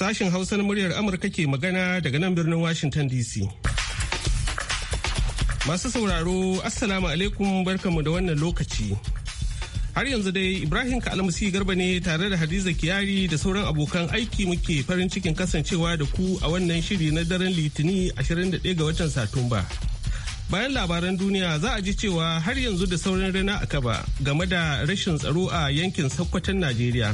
Sashen Hausa na muryar Amurka ke magana daga nan birnin Washington DC. Masu sauraro, Assalamu alaikum barkanmu da wannan lokaci. Har yanzu dai Ibrahim Kalmasi Garba ne tare da Hadiza Kiyari da sauran abokan aiki muke farin cikin kasancewa da ku a wannan shiri na daren Litini 21 ga watan Satumba. Bayan labaran duniya za a ji cewa har yanzu da sauran rana a kaba game da rashin tsaro a yankin sakkwatan Najeriya.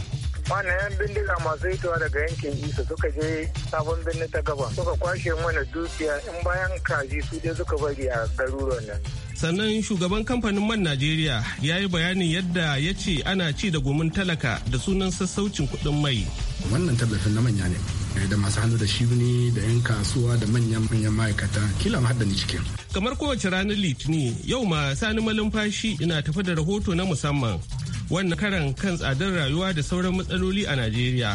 wannan bindiga masu hitowa daga yankin isa suka je sabon birnin ta gaba suka kwashe mana dukiya in bayan kaji su dai suka bari a garuruwan nan sannan shugaban kamfanin man najeriya ya yi bayanin yadda ya ce ana ci da gomin talaka da sunan sassaucin kuɗin mai wannan tallafin na manya ne eh, da masu hannu da shuni da 'yan kasuwa da manyan manyan ma'aikata kila ma ni cikin. Kamar kowace ranar Litinin yau ma sani malumfashi ina tafi da rahoto na musamman wannan karan kan tsadar rayuwa da sauran matsaloli a Najeriya.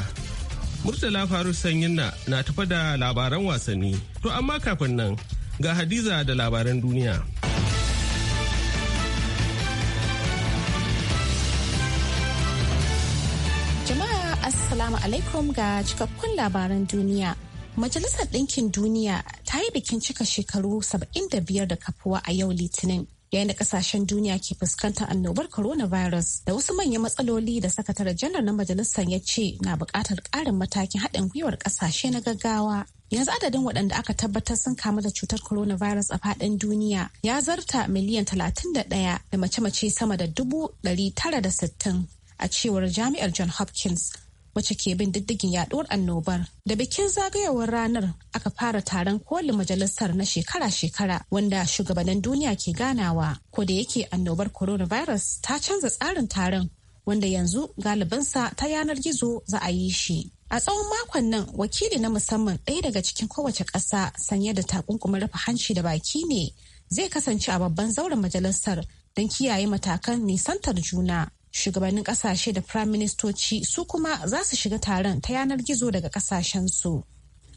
Murtala Faru Sanyinna na tafa da labaran wasanni. To amma kafin nan ga Hadiza da labaran duniya. Jama'a Assalamu alaikum ga cikakkun labaran duniya. Majalisar Ɗinkin Duniya ta yi bikin cika shekaru 75 da kafuwa a yau Litinin. yayin da kasashen duniya ke fuskantar annobar coronavirus da wasu manyan matsaloli da sakatare janar na majalisar ya ce na buƙatar ƙarin matakin haɗin gwiwar ƙasashe na gaggawa yanzu adadin waɗanda aka tabbatar sun kamu da cutar coronavirus a faɗin duniya ya zarta miliyan 31 da mace-mace sama da dubu tara da sittin, a cewar jami'ar john hopkins wacce ke bin diddigin yaduwar annobar. Da bikin zagayowar ranar aka fara taron kolin majalisar na shekara-shekara wanda shugabannin duniya ke ganawa. Ko da yake annobar coronavirus ta canza tsarin taron wanda yanzu galibinsa ta yanar gizo za a yi shi. A tsawon makon nan wakili na musamman ɗaya daga cikin kowace ƙasa sanye da takunkumin rufe hanci da baki ne zai kasance a babban zauren majalisar don kiyaye matakan nisantar juna. shugabannin kasashe da prime ministoci su kuma za su shiga taron ta yanar gizo daga su.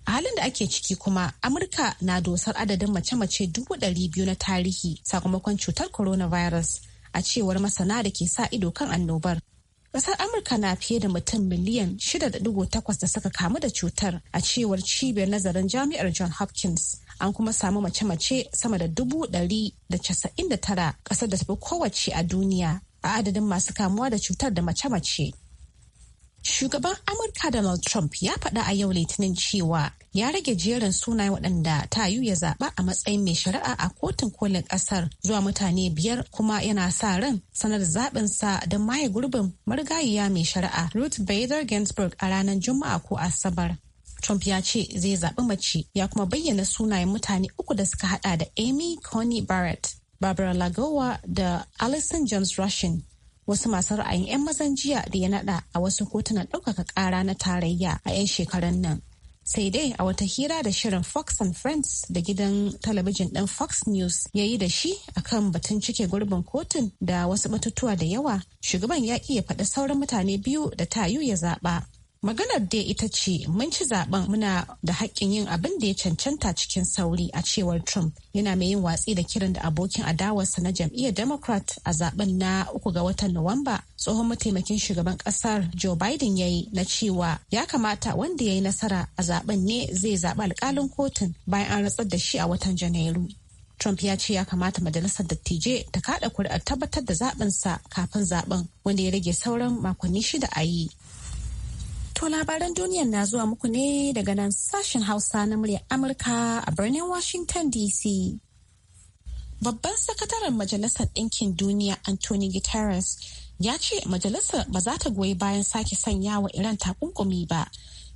A halin da ake ciki kuma, Amurka na dosar adadin mace-mace dubu dari biyu na tarihi sakamakon cutar coronavirus a cewar masana da ke sa ido kan annobar. Ƙasar Amurka na fiye da mutum miliyan 6.8 da suka kamu da cutar a cewar cibiyar nazarin jami'ar John Hopkins. An kuma samu mace-mace sama da dubu dari da casa'in da tara ƙasar da tafi kowace a duniya a adadin masu kamuwa da cutar da mace-mace. Shugaban Amurka Donald Trump ya faɗa a yau Litinin cewa ya rage jerin sunayen waɗanda ta yi ya zaɓa a matsayin mai shari'a a kotun kolin ƙasar zuwa mutane biyar kuma yana sa ran sanar zaɓinsa don maye gurbin marigayiya mai shari'a Ruth Bader Ginsburg a ranar Juma'a ko Asabar. Trump ya ce zai zaɓi mace ya kuma bayyana sunayen mutane uku da suka haɗa da Amy Coney Barrett Barbara Lagowa da Alison James Rushing wasu masu ra'ayin 'yan mazan jiya da ya nada a wasu kotunan ɗaukaka ƙara na tarayya a 'yan shekarun nan. Sai dai a wata hira da shirin Fox and Friends da gidan talabijin ɗin Fox News ya yi da shi a kan batun cike gurbin kotun da wasu batutuwa da yawa, shugaban ya iya faɗi sauran mutane biyu da tayu ya zaɓa. Maganar dai ita ce mun ci zaben muna da haƙƙin yin abin da ya cancanta cikin sauri a cewar Trump yana mai yin watsi da kiran da abokin adawarsa na jam'iyyar Democrat a zaben na uku ga watan Nuwamba tsohon mataimakin shugaban ƙasar Joe Biden ya yi na cewa ya kamata wanda ya yi nasara a zaben ne zai zaɓi alƙalin kotun bayan an ratsar da shi a watan Janairu. Trump ya ce ya kamata majalisar dattijai ta kada kuri'ar tabbatar da sa kafin zaɓen wanda ya rage sauran makonni shida a yi. To labaran duniyar na zuwa muku ne daga nan sashen Hausa na muryar Amurka a birnin Washington DC. Babban sakataren Majalisar Ɗinkin Duniya Anthony Guterres ya ce majalisar ba za ta goyi bayan sake sanya wa Iran takunkumi ba,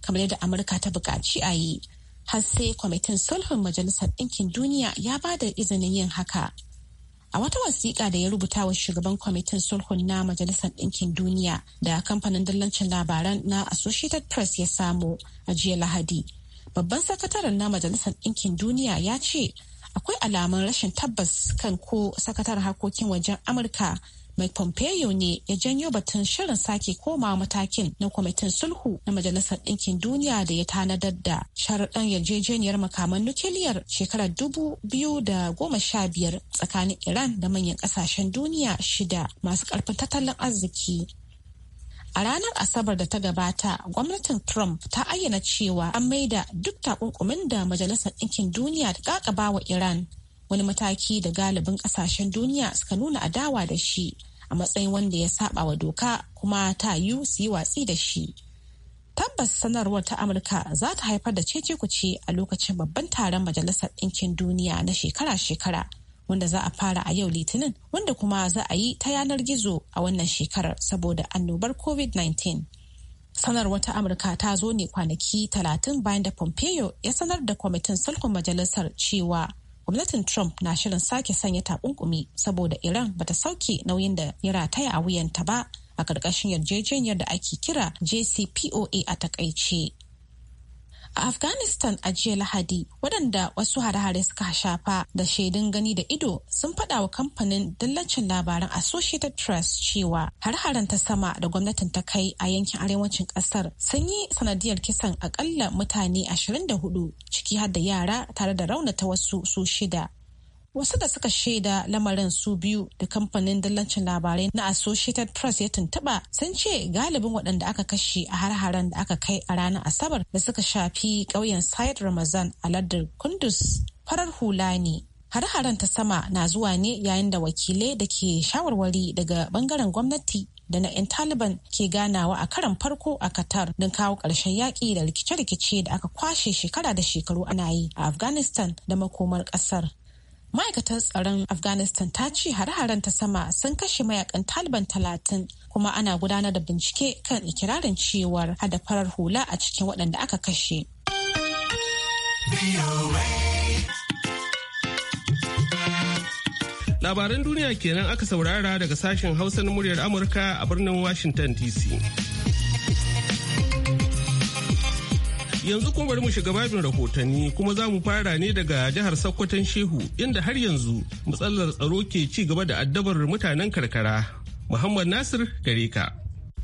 kamar yadda Amurka ta buƙaci a yi. Har sai kwamitin sulhun Majalisar Ɗinkin Duniya ya ba da izinin yin haka. A wata wasiƙa da ya rubuta wa shugaban kwamitin sulhun na Majalisar Ɗinkin Duniya da kamfanin dillancin labaran na Associated Press ya samu a jiya Lahadi. Babban sakataren na Majalisar Ɗinkin Duniya ya ce akwai alamun rashin tabbas kan ko sakatar harkokin wajen Amurka Mike Pompeo ne ya janyo batun shirin sake koma matakin na kwamitin sulhu na Majalisar Ɗinkin Duniya da ya tanadar da sharaɗan yarjejeniyar makaman nukiliyar shekarar dubu biyu da goma sha biyar tsakanin Iran da manyan ƙasashen duniya shida masu ƙarfin tattalin arziki. A ranar Asabar da ta gabata, gwamnatin Trump ta ayyana cewa an maida duk takunkumin da Majalisar Ɗinkin Duniya ta kakaba wa Iran. Wani mataki da galibin ƙasashen duniya suka nuna adawa da shi a matsayin wanda ya saba wa doka kuma ta yiwu su yi watsi da shi. Tabbas sanarwar ta Amurka za ta haifar da cece kuce a lokacin babban taron Majalisar Ɗinkin Duniya na shekara-shekara wanda za a fara a yau Litinin wanda kuma za a yi ta yanar gizo a wannan shekarar saboda annobar COVID-19. Sanarwar ta Amurka ta zo ne kwanaki talatin bayan da Pompeo ya sanar da kwamitin sulhun majalisar cewa gwamnatin Trump na shirin sake sanya takunkumi saboda Iran bata sauke nauyin da ya rataya a wuyanta ba a ƙarƙashin yarjejeniyar da ake kira JCPOA a takaice. a afghanistan a jiya lahadi waɗanda wasu hare-hare suka shafa da shaidun gani da ido sun faɗa wa kamfanin dallacin labaran associated press cewa hare haren ta sama da gwamnatin ta kai a yankin arewacin ƙasar sun yi sanadiyar kisan akalla mutane 24 ciki har da yara tare da raunata wasu su shida wasu da suka shaida lamarin su biyu da kamfanin dallancin labarai na associated press ya tuntuɓa sun ce galibin waɗanda aka kashe a har-haren da aka kai a ranar asabar da suka shafi ƙauyen side ramazan a lardar kundus farar hula ne har-haren ta sama na zuwa ne yayin da wakilai da ke shawarwari daga bangaren gwamnati da na 'yan taliban ke ganawa a karan farko a katar don kawo ƙarshen yaƙi da rikice-rikice da aka kwashe shekara da shekaru ana yi a afghanistan da makomar ƙasar ma'aikatar tsaron afghanistan ta ce hare-haren ta sama sun kashe mayakan taliban talatin kuma ana gudanar da bincike kan ikirarin cewar hada farar hula a cikin waɗanda aka kashe labaran duniya kenan aka saurara daga sashen hausa na muryar amurka a birnin washington dc Yanzu kuma bari mu shiga babin rahotanni kuma za mu fara ne daga jihar Sokoton Shehu inda har yanzu matsalar tsaro ke ci gaba da addabar mutanen karkara. Muhammad Nasir gare ka.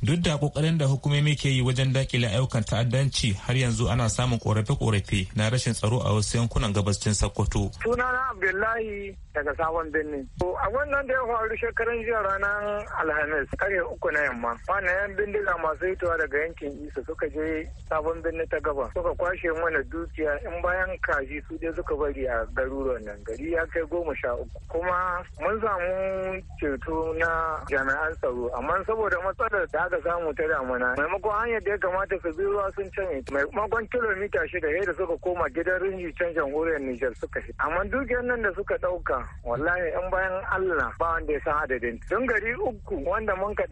duk da kokarin da hukumomi ke yi wajen dakile ayyukan ta'addanci har yanzu ana samun korafe-korafe na rashin tsaro a wasu yankunan gabashin sokoto sunana abdullahi daga sabon birni a wannan da ya faru shekaran jiya ranar alhamis karfe uku na yamma yan bindiga masu hitowa daga yankin isa suka je sabon birni ta gaba suka kwashe mana dukiya in bayan kaji su dai suka bari a garuruwan nan gari ya kai goma sha uku kuma mun samu ceto na jami'an tsaro amma saboda matsalar da Ka samu ta damuna maimakon hanyar da ya kamata su bi ruwa sun canye maimakon kilomita shida yadda suka koma gidan rinji can jamhuriyar Nijar suka shi amma dukiyar nan da suka ɗauka wallahi yan bayan Allah ba wanda ya san adadin tun gari uku wanda mun ka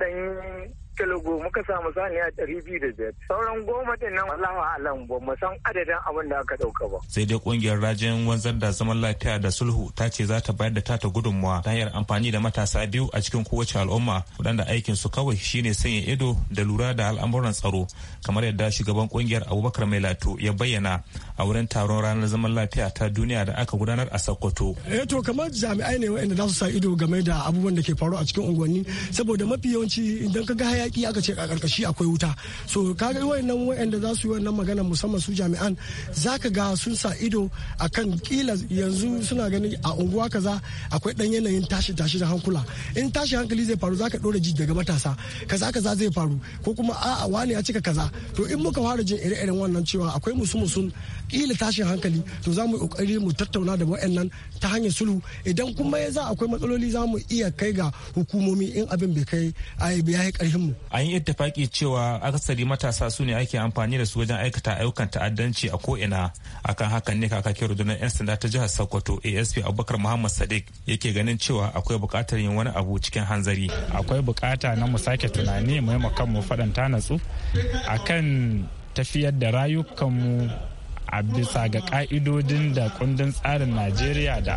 talago muka samu saniya ɗari biyu da biyar sauran goma ɗin nan Allahu alam ba mu san adadin abin da aka ɗauka ba. sai dai ƙungiyar rajin wanzar da zaman lafiya da sulhu ta ce za ta bayar da tata gudunmawa ta hanyar amfani da matasa biyu a cikin kowace al'umma waɗanda aikin su kawai shine sanya ido da lura da al'amuran tsaro kamar yadda shugaban ƙungiyar Abubakar mai Mailato ya bayyana a wurin taron ranar zaman lafiya ta duniya da aka gudanar a Sokoto. Eh to kamar jami'ai ne waɗanda za su sa ido game da abubuwan da ke faru a cikin unguwanni saboda mafi yawanci idan ka ga hayaki aka ce a karkashi akwai wuta so ka kaga wayannan wayanda za su yi wannan magana musamman su jami'an zaka ga sun sa ido akan kila yanzu suna ganin a unguwa kaza akwai dan yanayin tashi tashi da hankula in tashi hankali zai faru zaka dora ji daga matasa kaza kaza zai faru ko kuma a'a wani ya cika kaza to in muka fara jin ire-iren wannan cewa akwai musu musun kila tashin hankali to za mu kokari mu tattauna da wayannan ta hanyar sulhu idan kuma ya za akwai matsaloli za mu iya kai ga hukumomi in abin bai kai ya yi karhin mu an yi ittifaki cewa akasari matasa su ne ake amfani da su wajen aikata ayyukan ta'addanci a ko'ina akan hakan ne kakakin rundunar yan sanda ta jihar sokoto asp abubakar muhammad sadiq yake ganin cewa akwai buƙatar yin wani abu cikin hanzari akwai bukata na mu sake tunani mu yi mu faɗan ta akan tafiyar da rayukanmu a bisa ga ka'idodin da kundin tsarin najeriya da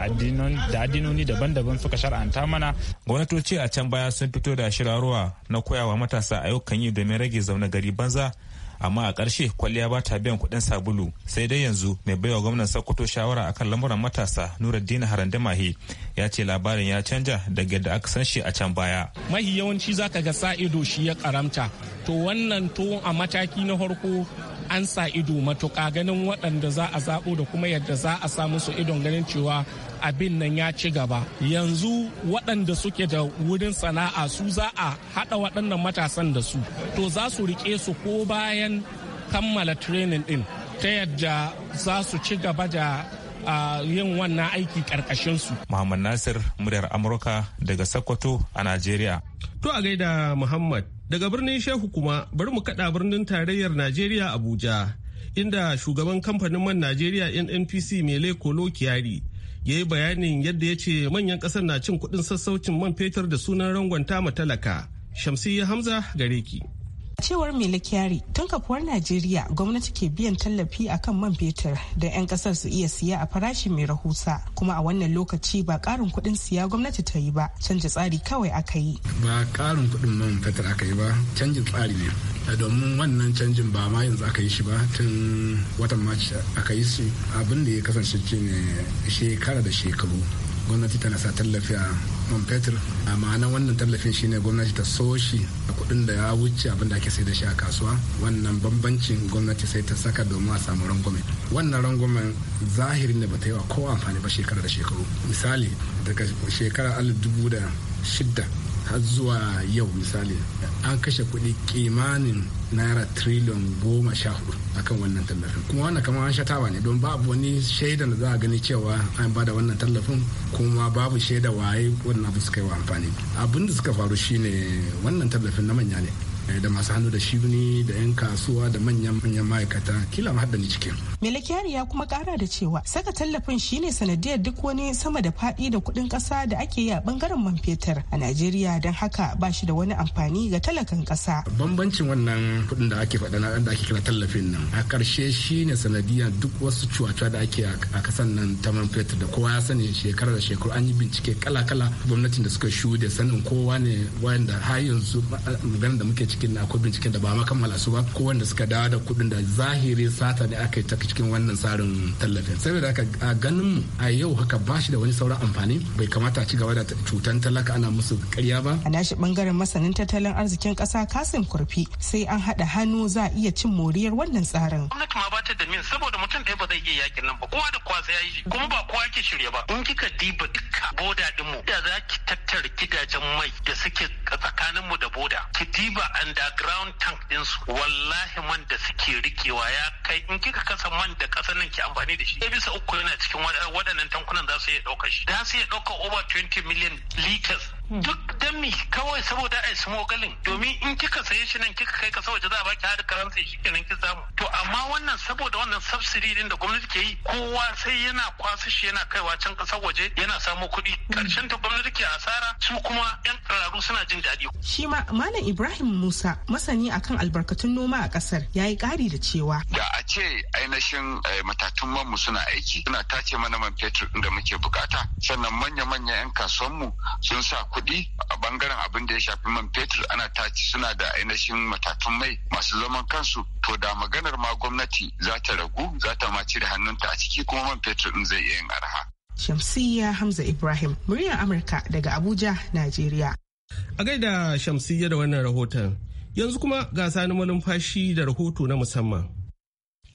addinoni daban-daban suka shar'anta mana gwamnatoci a can baya sun fito da shirarwa na koyawa matasa a ayyukan yi domin rage zaune gari banza amma a ƙarshe kwalliya ba ta biyan kuɗin sabulu sai dai yanzu mai baiwa gwamnan sokoto shawara a kan lamuran matasa dina nuruddin harandamahi ya ce labarin ya canja daga yadda aka san shi a can baya mahi yawanci zaka ga sa ido shi ya karamta to wannan to a mataki na farko an sa ido matuƙa ganin waɗanda za a zaɓo da kuma yadda za a sa musu idon ganin cewa abin nan ya ci gaba yanzu waɗanda suke da wurin sana'a su za a haɗa waɗannan matasan da su to za su riƙe su ko bayan kammala training ɗin ta yadda za su ci gaba da yin wannan aiki ƙarƙashin su. Muhammad Nasir, muryar Amurka daga Sokoto a Najeriya. To a gaida Muhammad Daga birnin Shehu kuma bari mu kada birnin tarayyar Najeriya Abuja inda shugaban kamfanin man Najeriya NNPC Mele Kolo Kiyari ya yi bayanin yadda ya ce manyan ƙasar na cin kuɗin sassaucin man fetur da sunan rangon tama talaka. Shamsiyya Hamza gare ki. cewar mai kyari tun kafuwar najeriya gwamnati ke biyan tallafi akan man fetur da 'yan kasar su iya siya a farashi mai rahusa kuma a wannan lokaci ba karin kudin siya gwamnati ta yi ba canji tsari kawai aka yi ba karin kudin man fetur aka yi ba canjin tsari ne domin wannan canjin ba ma yanzu aka yi shi ba tun watan march aka yi shi abin da ya kasance shekara da shekaru gwamnati tana sa tallafi a man fetur a ma'ana wannan tallafin shine gwamnati ta so shi a kuɗin da ya wuce abin da ake sai da shi a kasuwa wannan bambancin gwamnati sai ta saka domin a samu rangwame wannan rangwamen zahiri ne ba ta yi wa kowa amfani ba shekara da shekaru misali daga shekarar alif dubu da shidda har zuwa yau misali an kashe kuɗi kimanin naira triliyon goma sha hudu akan wannan tallafin kuma wannan kamar an shatawa ne don babu wani shaidan da za a gani cewa an bada wannan tallafin kuma babu shaida waye wannan abu suka yi wa amfani abin da suka faru shine wannan tallafin na manya ne Eh, da masu hannu da shuni da 'yan kasuwa da manyan manyan ma'aikata kila ma haddani cikin. Melikiyari ya kuma kara da cewa saka tallafin shine sanadiyar duk wani sama da faɗi da kuɗin ƙasa da ake yi a bangaren man fetur a Najeriya don haka ba shi da wani amfani ga talakan ƙasa. Bambancin wannan kuɗin da ake faɗa na da ake kira tallafin nan a karshe shine sanadiyar duk wasu cuwacuwa da ake a kasan nan ta man fetur da kowa ya sani shekara da shekaru an yi bincike kala-kala gwamnatin da suka shuɗe sanin kowa ne wanda har yanzu maganar da muke cikin na akwai binciken da ba ma kammala su ba ko wanda suka dawo da kuɗin da zahiri sata ne aka yi ta cikin wannan tsarin tallafin saboda haka a ganin mu a yau haka ba shi da wani sauran amfani bai kamata a ci gaba da cutan talaka ana musu karya ba a nashi bangaren masanin tattalin arzikin ƙasa kasim kurfi sai an haɗa hannu za a iya cin moriyar wannan tsarin gwamnati ma ba ta da min saboda mutum ɗaya ba zai iya yakin nan ba kowa da kowa sai ya yi kuma ba kowa ke shirya ba in kika diba dukkan boda dinmu da za ki tattara gidajen mai da suke mu da boda ki diba a underground tank su wallahi man da suke rikewa ya kai in kika kasa man da kasar nan ke amfani da shi bisa uku yana cikin waɗannan tankunan za su iya ɗauka shi Za su iya ɗauka over 20 million liters Hmm. duk da mi kawai saboda ai mogalin domin in kika saye shi nan kika kai kasa waje za a baki har karansa shi kenan ki samu to amma wannan saboda wannan subsidy din da gwamnati ke yi kowa sai yana kwasa shi yana kaiwa can kasar waje yana samu kuɗi hmm. karshen ta gwamnati ke asara su kuma yan kararu suna jin daɗi shi ma malam Ibrahim Musa masani akan albarkatun noma a kasar yayi ƙari da cewa da a ce ainihin eh, matatun manmu suna aiki suna tace mana man fetur da muke bukata sannan manya-manya 'yan kasuwanmu sun sa kuɗi a bangaren abin da ya shafi man fetur ana taci suna da ainihin matatun mai masu zaman kansu to da maganar ma gwamnati za ta ragu za ta ma cire hannunta a ciki kuma man fetur din zai iya yin arha. Shamsiyya Hamza Ibrahim, muryar Amurka daga Abuja, Najeriya. A gaida Shamsiyya da wannan rahoton, yanzu kuma ga sani manumfashi da rahoto na musamman.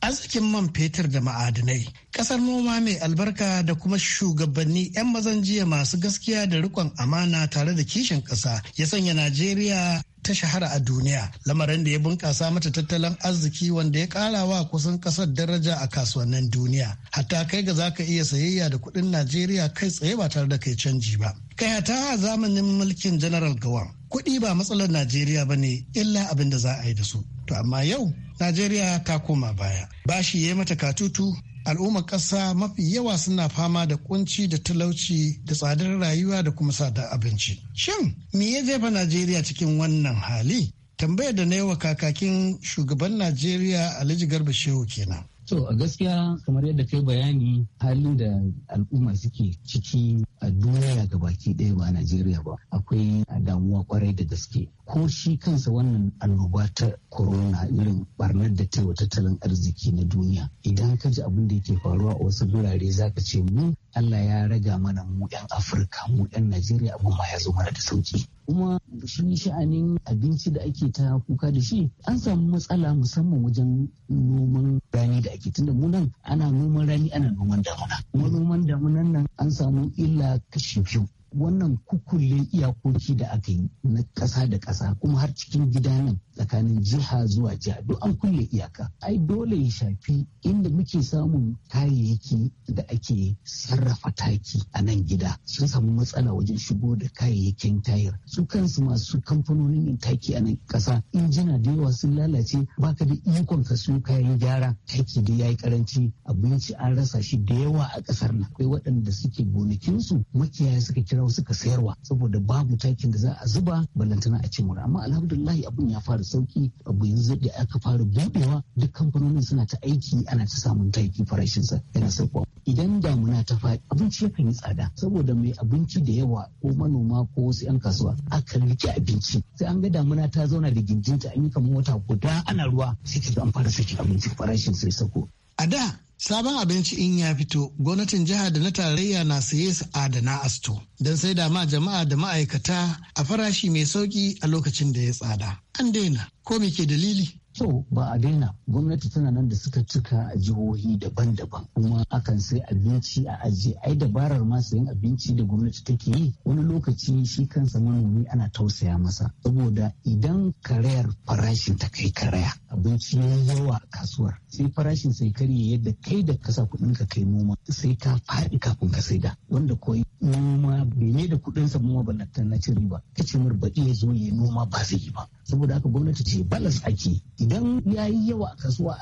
arzikin man fetur da ma'adinai kasar noma mai albarka da kuma shugabanni 'yan mazan jiya masu gaskiya da rikon amana tare da kishin ƙasa ya sanya najeriya ta shahara a duniya lamarin da ya bunkasa mata tattalin arziki wanda ya ƙara wa kusan ƙasar daraja a kasuwannin duniya hatta kai ga zaka iya sayayya da kuɗin najeriya kai tsaye ba tare da kai canji ba kai a zamanin mulkin general gawan kuɗi ba matsalar najeriya ba ne illa abin da za a yi da su to amma yau najeriya ta koma baya bashi ya yi mata katutu al'ummar ƙasa mafi yawa suna fama da kunci da talauci da tsadar rayuwa da kuma sadar abinci shin me ya jefa najeriya cikin wannan hali tambayar da na yi wa kakakin shugaban najeriya alhaji garba shehu kenan So a gaskiya kamar yadda kai bayani halin da al'umma suke ciki a duniya ga baki ɗaya ba a Najeriya ba akwai damuwa kwarai da gaske. Ko shi kansa wannan annoba ta corona irin barnar da ta tattalin arziki na duniya idan ka ji abin da yake faruwa a wasu gurare zaka ce mu Allah ya raga mana mu 'yan Afirka mu 'yan Najeriya abu ma ya zo mana da sauki kuma shi sha'anin abinci da ake ta kuka da shi an samu matsala musamman wajen noman rani da ake tunda mu nan ana noman rani ana noman damuna kuma noman damunan nan an samu illa kashi biyu wannan kukulle iyakoki da aka yi na ƙasa da ƙasa kuma har cikin gida nan tsakanin jiha zuwa jiha duk an kulle iyaka ai dole ya shafi inda muke samun kayayyaki da ake sarrafa taki a nan gida sun samu matsala wajen shigo da kayayyakin tayar su kansu masu kamfanonin yin taki a nan ƙasa injina da yawa sun lalace baka da ikon ka su kayan gyara taki da yayi karanci abinci an rasa shi da yawa a ƙasar nan akwai waɗanda suke gonakinsu makiyaya suka kira kirau suka sayarwa saboda babu takin da za a zuba balantana a ce mura amma alhamdulillahi abun ya fara sauki abu yanzu da aka fara buɗewa duk kamfanonin suna ta aiki ana ta samun taki farashinsa yana sauko idan damuna ta faɗi abinci yakan yi tsada saboda mai abinci da yawa ko manoma ko wasu 'yan kasuwa akan rike abinci sai an ga damuna ta zauna da gindinta an yi kamar wata guda ana ruwa sai ki an fara saki abinci farashin sai sauko. A da, sabon abinci in ya fito, gwamnatin jiha da na tarayya na saye su adana asto don sai da ma jama'a da ma'aikata a farashi mai sauki a lokacin da ya tsada. An daina, ko me ke dalili? So ba a daina gwamnati tana nan da suka cika a jihohi daban-daban kuma akan sai abinci a ajiye ai dabarar ma sayan abinci da gwamnati take yi wani lokaci shi kansa manomi ana tausaya masa saboda idan karayar farashin ta kai karaya abinci ya yawa a kasuwar sai farashin sai karye yadda kai da kasa kuɗin ka kai noma sai ka faɗi kafin ka saida wanda koyi noma bai ne da kuɗin sa ba na ci riba kace mur baɗi ya zo ya noma ba zai yi ba saboda haka gwamnati ce balas ake idan ya yi yawa a kasuwa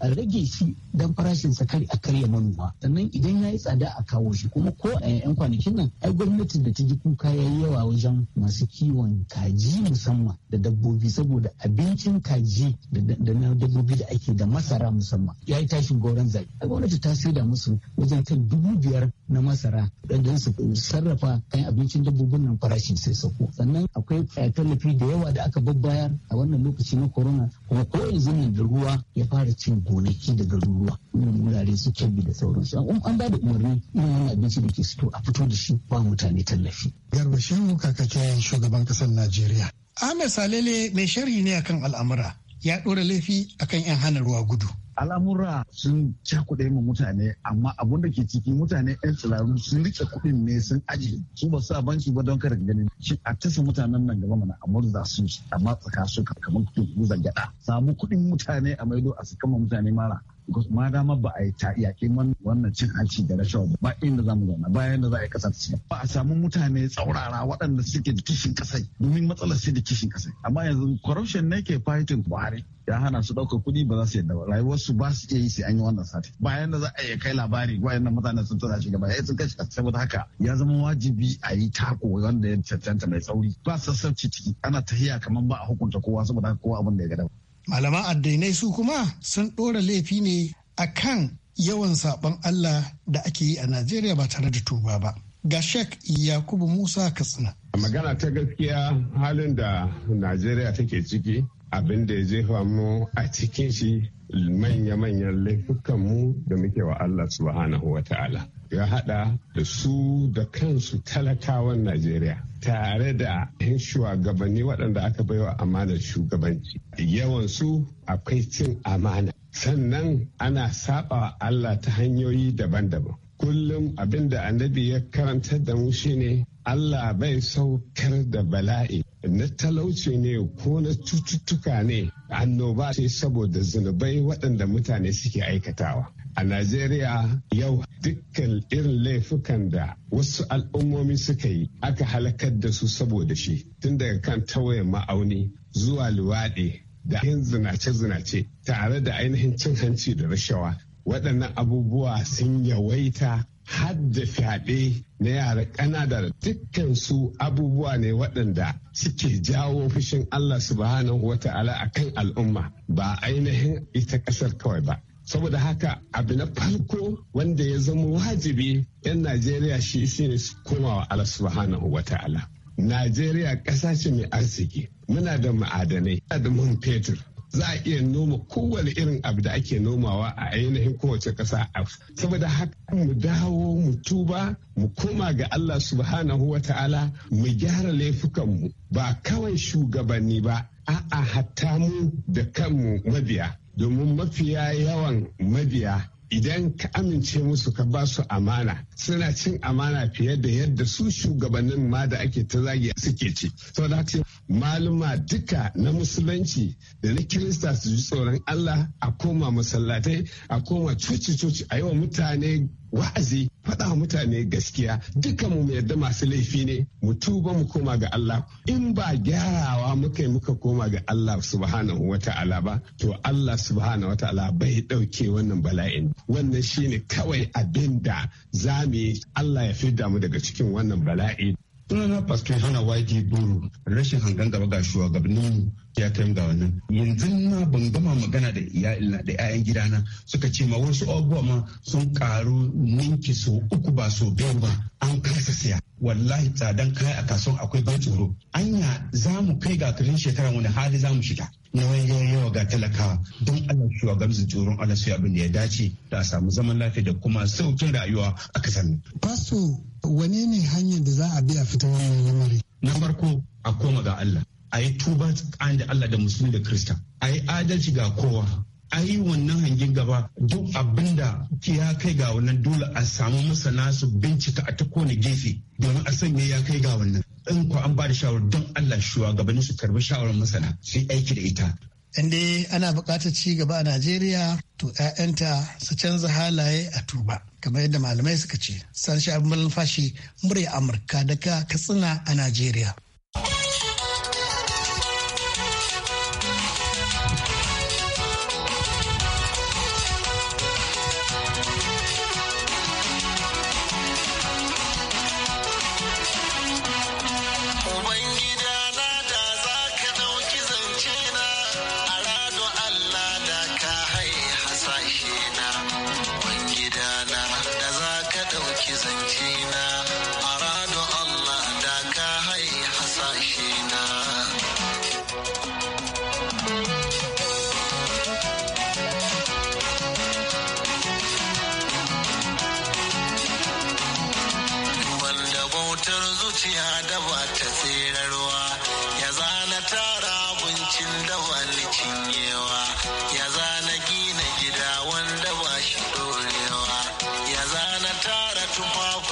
a rage shi don farashin sakari a karya manoma sannan idan ya yi tsada a kawo shi kuma ko a yan kwanakin nan ai gwamnati da ta ji kuka ya yi yawa wajen masu kiwon kaji musamman da dabbobi saboda abincin kaji da na dabbobi da ake da masara musamman ya yi tashin goron zaki gwamnati ta da musu wajen kan dubu biyar na masara don su sarrafa kan abincin dabbobin nan farashi sai sauko sannan akwai eh, tallafi da yawa da aka babbayar a wannan lokaci na corona kuma ko yanzu nan da ruwa ya fara cin gonaki da garuruwa irin wurare su kebbi da sauransu an an ba umarni irin wannan abinci da ke fito a fito da shi ba mutane tallafi. garba mu kakakken shugaban kasar najeriya. ahmed salele mai sharhi ne akan al'amura ya ɗora laifi akan 'yan hana ruwa gudu. al'amura sun kuɗe ma mutane amma abun da ke ciki mutane 'yan tsirarun sun rike kuɗin ne sun aji su ba sa banki ba don kada ganin shi a tasa mutanen nan gaba mana a murza su a matsaka su kamar kuɗin gyaɗa samu kuɗin mutane a maido a su kama mutane mara because ma dama ba a yi ta yaƙin wannan cin hanci da rashawa ba inda za mu zauna bayan da za a yi ƙasar ciki ba a samu mutane tsaurara waɗanda suke da kishin ƙasai domin matsalar su da kishin ƙasai amma yanzu corruption ne ke fighting buhari ya hana su ɗaukar kuɗi ba za su yadda ba rayuwar su ba su iya yi sai an yi wannan sati bayan da za a iya kai labari wayannan mutane sun tura shi gaba ya sun a saboda haka ya zama wajibi a yi tako wanda ya cancanta mai tsauri ba sassauci ciki ana tahiya kamar ba a hukunta kowa saboda kowa abin da ya gada malaman addinai su kuma sun ɗora laifi ne a kan yawan saɓon allah da ake yi a najeriya ba tare da tuba ba ga shek yakubu musa katsina magana ta gaskiya halin da najeriya take ciki abin da ya jefa mu a cikin shi manya-manyan laifukanmu da muke wa Allah subhanahu wa ta'ala. Ya haɗa da su da kansu talakawan Najeriya tare da 'yan shugabanni waɗanda aka baiwa amanar shugabanci. Yawan su akwai cin amana. Sannan ana saba Allah ta hanyoyi daban-daban. Kullum abin da annabi ya karanta da mu shine Allah bai saukar da bala'i na talauci ne ko na cututtuka ne annoba ce saboda zunubai waɗanda mutane suke aikatawa. A Najeriya yau dukkan irin laifukan da wasu al'ummomi suka yi aka halakar da su saboda shi tun daga kan tawaye ma'auni zuwa luwaɗe da yin zinace-zinace tare da ainihin cin hanci da rashawa waɗannan abubuwa sun yawaita Hadda fyaɗe na yara ƙanada dukkan su abubuwa ne waɗanda suke jawo fushin Allah subhanahu wa ta'ala a kan al'umma ba ainihin ita ƙasar kawai ba. Saboda haka abu na farko wanda ya zama wajibi 'yan Najeriya shi shine su komawa Allah subhanahu wa ta'ala. Najeriya ƙasa ce mai arziki, muna da ma'adanai, muna da man fetur, za a iya noma kowane irin abu da ake nomawa a ainihin kowace ƙasa saboda haka mu dawo mu tuba mu koma ga Allah subhanahu wa ta'ala mu gyara laifukanmu ba kawai shugabanni ba a'a hatta mu da kanmu mabiya domin mafiya yawan mabiya idan ka amince musu ka ba su amana suna cin amana fiye da yadda su shugabannin ma da ake ta zagi suke ci da ce maluma duka na musulunci da na kirista su ji tsoron Allah a koma masallatai a koma coci-coci a yi mutane wa'azi faɗa mutane gaskiya duka mu yadda masu laifi ne mu tuba mu koma ga Allah in ba gyarawa muka muka koma ga Allah subhanahu wa ta'ala ba to Allah subhanahu wa ta'ala bai ɗauke wannan bala'in wannan shine kawai abinda da za mu yi Allah ya fidda mu daga cikin wannan bala'i sunana pastor hana waje buru rashin hangen gaba ga shugabanninmu ya kai ga wannan yanzu na ban gama magana da iyalina da 'ya'yan gidana suka ce ma wasu abubuwa ma sun karu ninki so uku ba so biyu ba an kasa siya wallahi tsadan kaya a kasuwan akwai ban tsoro anya za mu kai ga karshen shekara wani hali za mu shiga na wani yawa ga talakawa don Allah shugabansu tsoron Allah su abin da ya dace da a samu zaman lafiya da kuma saukin rayuwa a kasar. Pasto wane ne hanyar da za a bi a fita wannan lamari? Na farko a koma ga Allah. a yi tuba tsakanin da Allah da musulmi da Kirista a yi adalci ga kowa a yi wannan hangen gaba duk abin da ya kai ga wannan dole a samu masana su bincika a ta kone gefe domin a sanya ya kai ga wannan in ko an ba da shawar don Allah shugabanni su karbi shawarar masana su aiki da ita in dai ana buƙatar ci gaba a Najeriya to 'ya'yanta su canza halaye a tuba kamar yadda malamai suka ce san shi abin fashi murya Amurka daga Katsina a Najeriya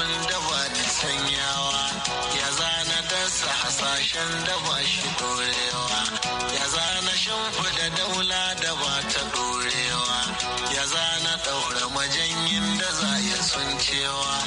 abin da ba ta sanyawa ya zana dasa hasashen da ba shi dorewa ya zana shimfiɗa daula da ba ta dorewa ya zana ɗaura majanyin da za ya sun cewa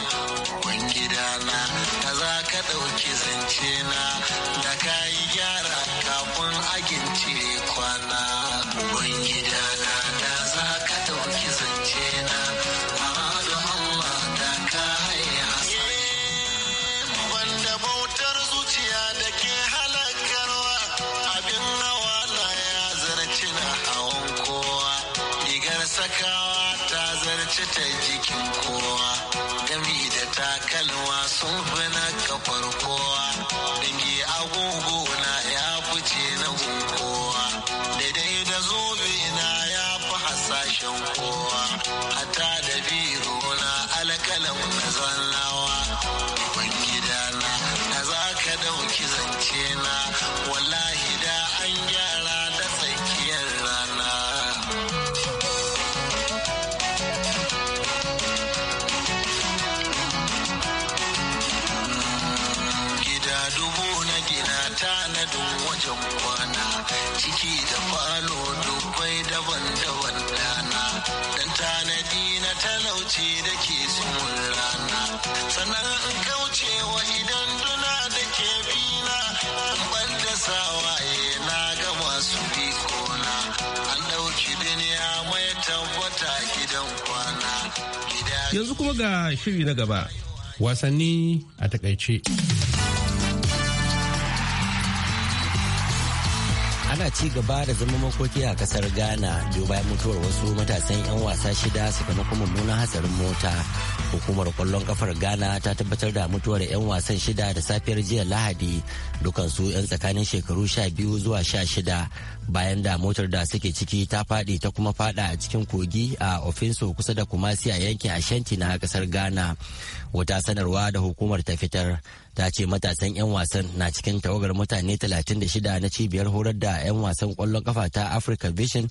Yanzu kuma ga shiri na gaba. Wasanni a takaice. ana ci gaba da zama makoki a kasar ghana biyu bayan mutuwar wasu matasan 'yan wasa shida sakamakon mummunan hatsarin mota hukumar kwallon kafar ghana ta tabbatar da mutuwar 'yan wasan shida da safiyar jiya lahadi dukansu 'yan tsakanin shekaru sha biyu zuwa sha shida bayan da motar da suke ciki ta faɗi ta kuma faɗa a cikin kogi a ofinsu kusa da kumasi a yankin ashanti na kasar ghana wata sanarwa da hukumar ta fitar ta ce matasan 'yan wasan na cikin tawagar mutane 36 na cibiyar horar da 'yan wasan kwallon kafa ta africa vision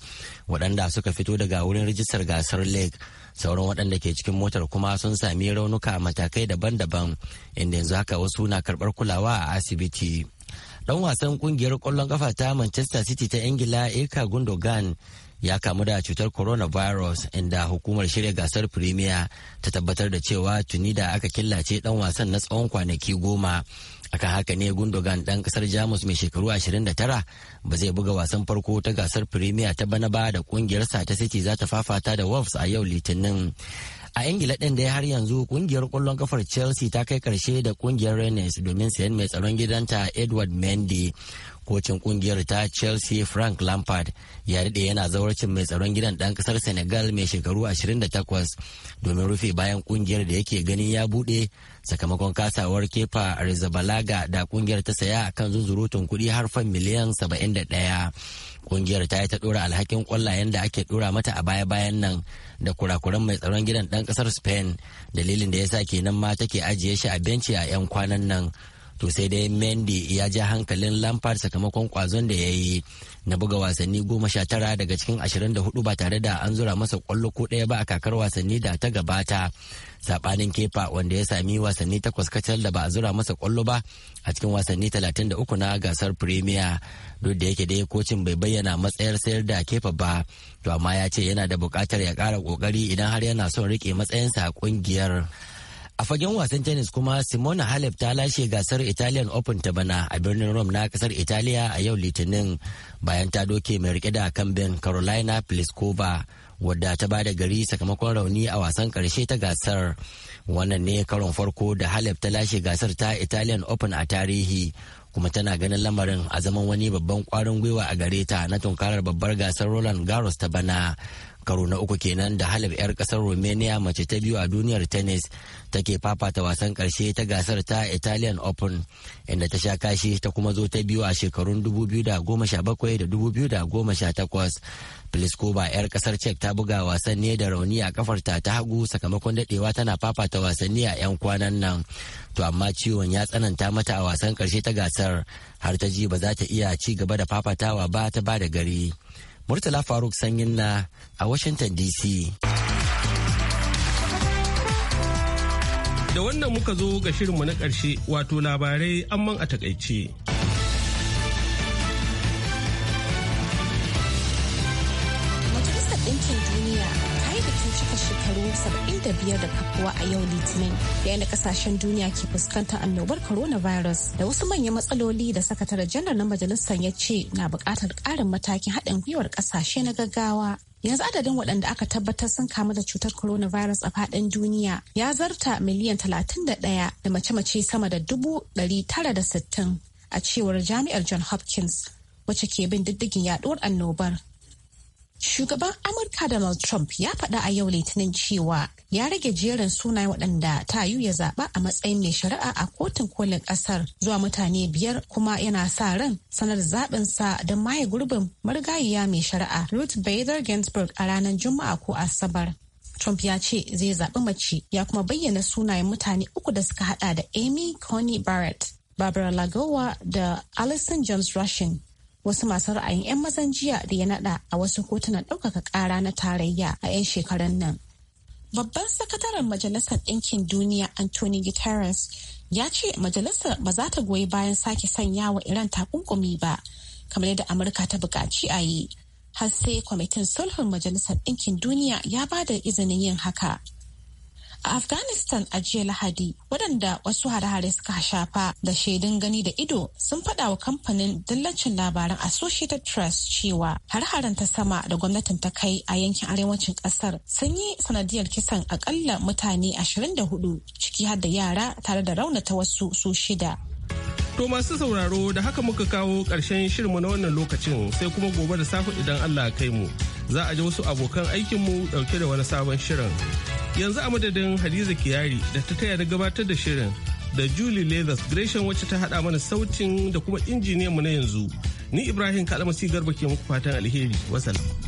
waɗanda suka fito daga wurin rijistar gasar lake sauran waɗanda ke cikin motar kuma sun sami raunuka matakai daban-daban inda yanzu haka wasu na karɓar kulawa a asibiti. dan wasan kungiyar kwallon kafa ta manchester city ta ingila eka gundogan ya kamu da cutar coronavirus inda hukumar shirya gasar premier ta tabbatar da cewa tuni da aka killace dan wasan na tsawon kwanaki goma akan haka ne gundogan dan kasar jamus mai shekaru 29 ba zai buga wasan farko ta gasar premier ta bana ba da kungiyarsa ta city za ta fafata da wolves a yau litinin a ingila din dai har yanzu kungiyar kwallon kafar chelsea ta kai karshe da kungiyar rennes domin sayan mai tsaron gidanta edward mendy kocin kungiyar ta chelsea frank lampard ya daɗe yana zawarcin mai tsaron gidan ɗan ƙasar senegal mai shekaru 28 domin rufe bayan kungiyar da yake ganin ya buɗe sakamakon kasawar kefa rizabalaga da kungiyar ta saya kan zunzurutun kuɗi har fan miliyan 71 kungiyar ta yi ta dora alhakin kwallayen da ake dora mata a baya-bayan nan da kurakuran mai tsaron gidan ɗan ƙasar spain dalilin da ya sa kenan ma take ajiye shi a benci a 'yan kwanan nan to sai dai mendy ya ja hankalin lampard sakamakon kwazon da ya yi na buga wasanni goma sha tara daga cikin ashirin da hudu ba tare da an zura masa kwallo ko ɗaya ba a kakar wasanni da ta gabata sabanin kefa wanda ya sami wasanni takwas kacal da ba a zura masa kwallo ba a cikin wasanni talatin da uku na gasar premier duk da yake dai kocin bai bayyana matsayar sayar da kefa ba to amma ya ce yana da bukatar ya kara kokari idan har yana son rike matsayinsa a kungiyar A fagen wasan tennis kuma Simona Halep ta lashe gasar Italian Open ta bana a birnin Rome na kasar Italiya a yau Litinin bayan ta doke mai rike da kambin Carolina Pliskova wadda ta bada gari sakamakon rauni a wasan karshe ta gasar. Wannan ne karon farko da Halep ta lashe gasar ta Italian Open a tarihi kuma tana ganin lamarin a zaman wani babban kwarin gwiwa a gare ta na tunkarar babbar gasar Roland Garros ta bana. karo na uku kenan da halab 'yar kasar romania mace ta biyu a duniyar tennis ke fafata wasan karshe ta gasar ta italian open inda ta sha kashi ta kuma zo ta biyu a shekarun 2017 da 2018 pliskova 'yar kasar czech ta buga wasan ne da rauni a kafarta ta hagu sakamakon dadewa tana fafata wasanni a 'yan kwanan nan to amma ciwon ya tsananta mata a wasan karshe ta gasar har ta ji ba za ta iya ci gaba da fafatawa ba ta ba da gari Murtala Faruk Sanyin na a Washington DC. Da wannan muka zo ga shirinmu na ƙarshe wato labarai amman a takaice. shekaru 75 da kafuwa a yau litinin yayin da kasashen duniya ke fuskantar annobar coronavirus da wasu manyan matsaloli da sakatare janar na majalisar ya ce na buƙatar ƙarin matakin haɗin gwiwar ƙasashe na gaggawa yanzu adadin waɗanda aka tabbatar sun kamu da cutar coronavirus a faɗin duniya ya zarta miliyan 31 da mace-mace sama da dubu tara da sittin a cewar jami'ar john hopkins wacce ke bin diddigin yaɗuwar annobar Shugaban Amurka Donald Trump ya faɗa a yau Litinin cewa ya rage jerin sunayen waɗanda ta yi ya zaɓa a matsayin mai shari'a a kotun kolin ƙasar zuwa mutane biyar kuma yana sa ran sanar zaɓinsa don maye gurbin marigayiya mai shari'a Ruth Bader Ginsburg a ranar Juma'a ko Asabar. Trump ya ce zai zaɓi mace ya kuma bayyana sunayen mutane uku da suka haɗa da Amy Coney Barrett, Barbara Lagowa da Alison James Rushing wasu masu ra'ayin 'yan mazan jiya da ya nada a wasu kotunan ɗaukaka ƙara na tarayya a 'yan shekaran nan. Babban sakataren Majalisar Ɗinkin Duniya Anthony Guterres ya ce majalisar ba za ta goyi bayan sake sanya wa Iran takunkumi ba, kamar yadda Amurka ta buƙaci a yi, har sai kwamitin sulhun Majalisar Ɗinkin Duniya ya ba da izinin yin haka. a afghanistan a jiya lahadi waɗanda wasu hare-hare suka shafa da shaidun gani da ido sun faɗa wa kamfanin dillacin labaran associated press cewa har ta sama da gwamnatin ta kai a yankin arewacin ƙasar sun yi sanadiyar kisan akalla mutane 24 ciki har da yara tare da raunata wasu su shida To masu sauraro da haka muka kawo ƙarshen shirinmu na wannan lokacin sai kuma gobe da safe idan Allah kai mu. Za a ji wasu abokan aikinmu ɗauke da wani sabon shirin. yanzu a madadin hadiza kiyari da ta taya da gabatar da shirin da julie leathers gresham wacce ta hada mana sautin da kuma injiniyan mu na yanzu ni ibrahim kalamasi garba ke muku fatan alheri wasalam